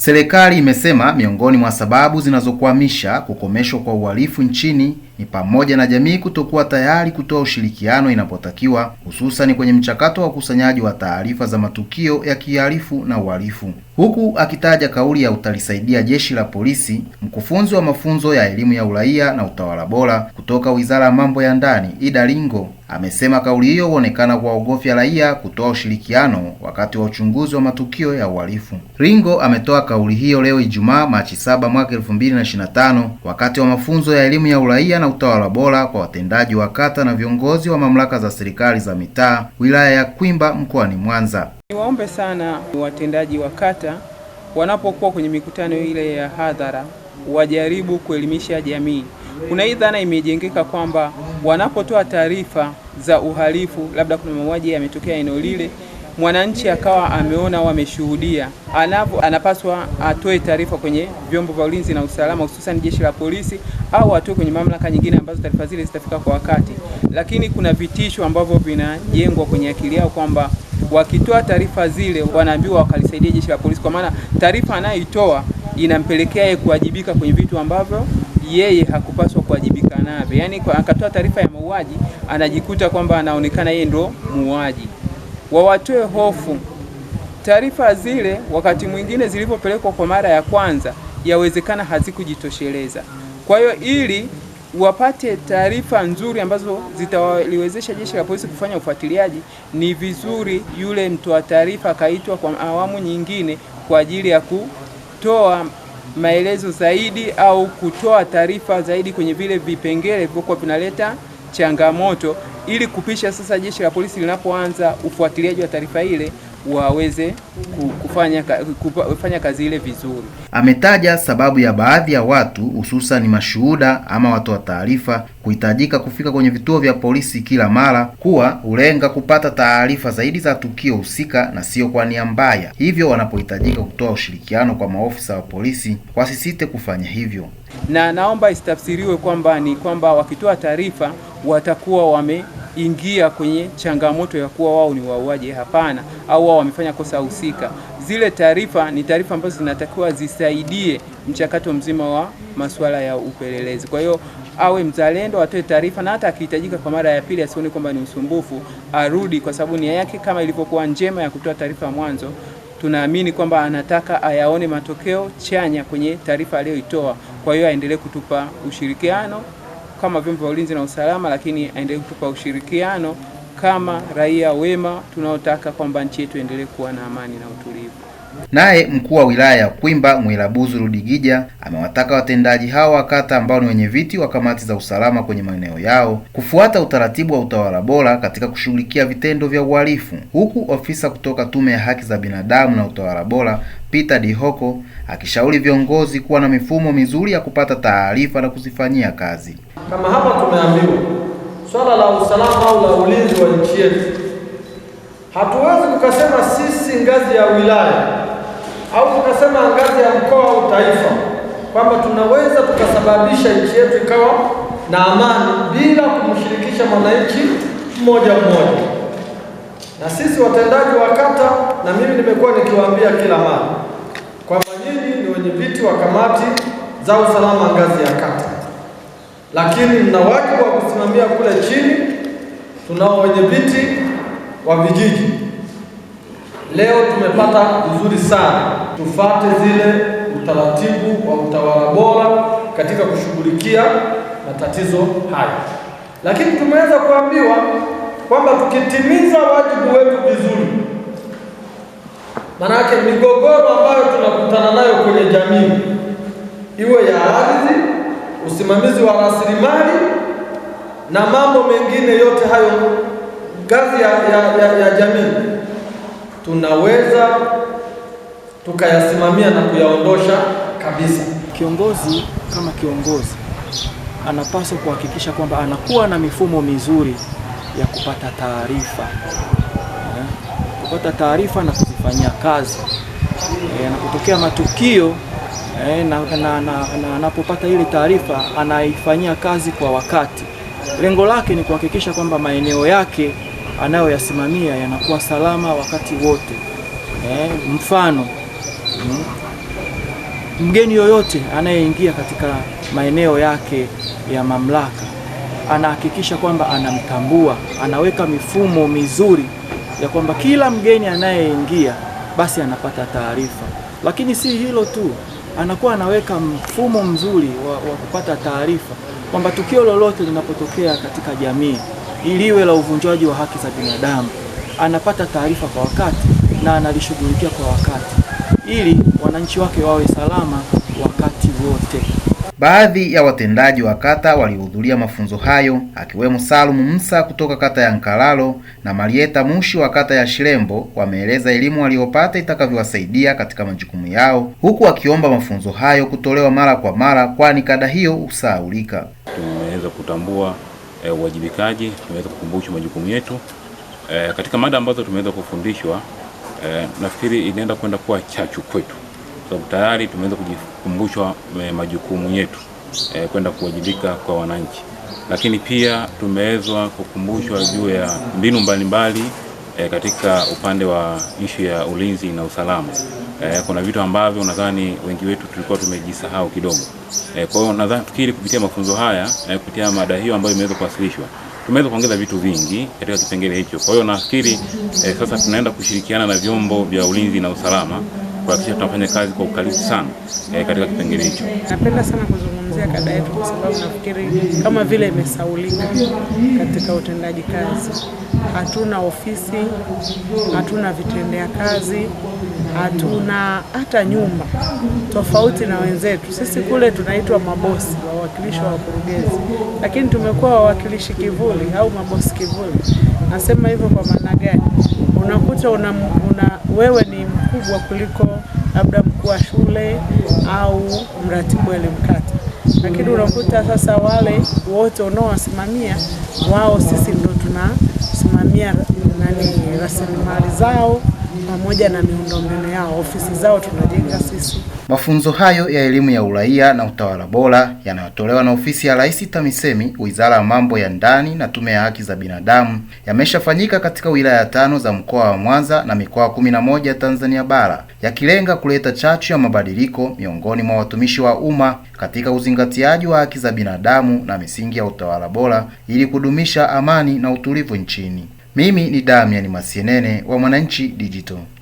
Serikali imesema miongoni mwa sababu zinazokwamisha kukomeshwa kwa uhalifu nchini ni pamoja na jamii kutokuwa tayari kutoa ushirikiano inapotakiwa, hususani kwenye mchakato wa ukusanyaji wa taarifa za matukio ya kihalifu na uhalifu. Huku akitaja kauli ya utalisaidia jeshi la polisi, mkufunzi wa mafunzo ya elimu ya uraia na utawala bora kutoka Wizara ya Mambo ya Ndani, Ida Lingo, amesema kauli hiyo huonekana kuwaogofya raia kutoa ushirikiano wakati wa uchunguzi wa matukio ya uhalifu. Lingo ametoa kauli hiyo leo Ijumaa, Machi 7 mwaka 2025 wakati wa mafunzo ya elimu ya uraia na utawala bora kwa watendaji wa kata na viongozi wa mamlaka za serikali za mitaa wilaya ya Kwimba mkoani Mwanza. Niwaombe sana watendaji wa kata wanapokuwa kwenye mikutano ile ya hadhara wajaribu kuelimisha jamii. Kuna hii dhana imejengeka kwamba wanapotoa taarifa za uhalifu, labda kuna mauaji yametokea eneo lile mwananchi akawa ameona au ameshuhudia, anapaswa atoe taarifa kwenye vyombo vya ulinzi na usalama, hususan jeshi la polisi, au atoe kwenye mamlaka nyingine ambazo taarifa zile zitafika kwa wakati. Lakini kuna vitisho ambavyo vinajengwa kwenye akili yao kwamba wakitoa taarifa zile wanaambiwa wakalisaidia jeshi la polisi, kwa maana taarifa anayoitoa inampelekea yeye kuwajibika kwenye vitu ambavyo yeye hakupaswa kuwajibika navyo. Yaani akatoa taarifa ya mauaji, anajikuta kwamba anaonekana yeye ndo muuaji wawatoe hofu. Taarifa zile wakati mwingine zilipopelekwa kwa mara ya kwanza, yawezekana hazikujitosheleza. Kwa hiyo ili wapate taarifa nzuri ambazo zitawaliwezesha jeshi la polisi kufanya ufuatiliaji, ni vizuri yule mtoa taarifa akaitwa kwa awamu nyingine kwa ajili ya kutoa maelezo zaidi au kutoa taarifa zaidi kwenye vile vipengele vilivyokuwa vinaleta changamoto ili kupisha sasa jeshi la polisi linapoanza ufuatiliaji wa taarifa ile waweze kufanya, kufanya kazi ile vizuri. Ametaja sababu ya baadhi ya watu hususan mashuhuda ama watu wa taarifa kuhitajika kufika kwenye vituo vya polisi kila mara kuwa hulenga kupata taarifa zaidi za tukio husika na sio kwa nia mbaya, hivyo wanapohitajika kutoa ushirikiano kwa maofisa wa polisi wasisite kufanya hivyo, na naomba isitafsiriwe kwamba ni kwamba wakitoa taarifa watakuwa wameingia kwenye changamoto ya kuwa wao ni wauaji. Hapana, au wao wamefanya kosa husika. Zile taarifa ni taarifa ambazo zinatakiwa zisaidie mchakato mzima wa masuala ya upelelezi. Kwa hiyo awe mzalendo, atoe taarifa, na hata akihitajika kwa mara ya pili asione kwamba ni usumbufu, arudi, kwa sababu nia yake kama ilivyokuwa njema ya kutoa taarifa mwanzo tunaamini kwamba anataka ayaone matokeo chanya kwenye taarifa aliyoitoa. Kwa hiyo aendelee kutupa ushirikiano kama vyombo vya ulinzi na usalama, lakini aendelee kutupa ushirikiano kama raia wema tunaotaka kwamba nchi yetu endelee kuwa na amani na utulivu. Naye mkuu wa wilaya ya Kwimba Mwilabuzu rudigija amewataka watendaji hao wa kata ambao ni wenyeviti wa kamati za usalama kwenye maeneo yao kufuata utaratibu wa utawala bora katika kushughulikia vitendo vya uhalifu, huku ofisa kutoka Tume ya Haki za Binadamu na Utawala Bora Peter Dihoko akishauri viongozi kuwa na mifumo mizuri ya kupata taarifa na kuzifanyia kazi. Kama hapa tumeambiwa swala la usalama au la ulinzi wa nchi yetu Hatuwezi tukasema sisi ngazi ya wilaya au tukasema ngazi ya mkoa au taifa kwamba tunaweza tukasababisha nchi yetu ikawa na amani bila kumshirikisha mwananchi mmoja mmoja. Na sisi watendaji wa kata, na mimi nimekuwa nikiwaambia kila mara kwamba nyinyi ni wenyeviti wa kamati za usalama ngazi ya kata, lakini mna wajibu wa kusimamia kule chini. Tunao wenyeviti wa vijiji. Leo tumepata vizuri sana, tufate zile utaratibu wa utawala bora katika kushughulikia matatizo haya, lakini tumeweza kuambiwa kwamba tukitimiza wajibu wetu vizuri, maanake migogoro ambayo tunakutana nayo kwenye jamii iwe ya ardhi, usimamizi wa rasilimali na mambo mengine yote hayo ngazi ya, ya, ya, ya jamii tunaweza tukayasimamia na kuyaondosha kabisa. Kiongozi kama kiongozi anapaswa kuhakikisha kwamba anakuwa na mifumo mizuri ya kupata taarifa eh, kupata taarifa na kuzifanyia kazi e, na kutokea matukio e, eh, na anapopata na, na, na, ile taarifa anaifanyia kazi kwa wakati. Lengo lake ni kuhakikisha kwamba maeneo yake anayoyasimamia yanakuwa salama wakati wote. Eh, mfano mm, mgeni yoyote anayeingia katika maeneo yake ya mamlaka anahakikisha kwamba anamtambua, anaweka mifumo mizuri ya kwamba kila mgeni anayeingia basi anapata taarifa. Lakini si hilo tu, anakuwa anaweka mfumo mzuri wa, wa kupata taarifa kwamba tukio lolote linapotokea katika jamii iliwe la uvunjwaji wa haki za binadamu, anapata taarifa kwa wakati na analishughulikia kwa wakati ili wananchi wake wawe salama wakati wote. Baadhi ya watendaji wa kata walihudhuria mafunzo hayo akiwemo salumu Musa kutoka kata ya Nkalalo na Marieta Mushi wa kata ya Shirembo wameeleza elimu waliopata itakavyowasaidia katika majukumu yao huku wakiomba mafunzo hayo kutolewa mara kwa mara kwani kada hiyo husahaulika. Tumeweza kutambua e, uwajibikaji, tumeweza kukumbushwa majukumu yetu e, katika mada ambazo tumeweza kufundishwa e, nafikiri inaenda kwenda kuwa chachu kwetu, sababu so, tayari tumeweza kujikumbushwa majukumu yetu e, kwenda kuwajibika kwa wananchi, lakini pia tumeweza kukumbushwa juu ya mbinu mbalimbali mbali, e, katika upande wa ishu ya ulinzi na usalama. Eh, kuna vitu ambavyo nadhani wengi wetu tulikuwa tumejisahau kidogo. Eh, kwa hiyo nadhani fikiri kupitia mafunzo haya eh, kupitia mada hiyo ambayo imeweza kuwasilishwa tumeweza kuongeza vitu vingi katika kipengele hicho. Kwa hiyo nafikiri eh, sasa tunaenda kushirikiana na vyombo vya ulinzi na usalama kuhakikisha tunafanya kazi kwa ukaribu sana eh, katika kipengele hicho. Napenda sana kuzungumza kuzungumzia kada yetu, kwa sababu nafikiri kama vile imesaulika katika utendaji kazi. Hatuna ofisi, hatuna vitendea kazi, hatuna hata nyumba, tofauti na wenzetu. Sisi kule tunaitwa mabosi, wawakilishi wa wakurugenzi, lakini tumekuwa wawakilishi kivuli au mabosi kivuli. Nasema hivyo kwa maana gani? Unakuta una, una, wewe ni mkubwa kuliko labda mkuu wa shule au mratibu elimu kata lakini unakuta sasa wale wote unaowasimamia wao, sisi ndo tunasimamia nani rasilimali zao pamoja na miundombinu yao, ofisi zao tunajenga sisi. Mafunzo hayo ya elimu ya uraia na utawala bora yanayotolewa na ofisi ya Rais TAMISEMI, Wizara ya Mambo ya Ndani na Tume ya Haki za Binadamu yameshafanyika katika wilaya tano za mkoa wa Mwanza na mikoa kumi na moja Tanzania bara, yakilenga kuleta chachu ya mabadiliko miongoni mwa watumishi wa umma katika uzingatiaji wa haki za binadamu na misingi ya utawala bora ili kudumisha amani na utulivu nchini. Mimi ni Damian Masienene wa Mwananchi Digital.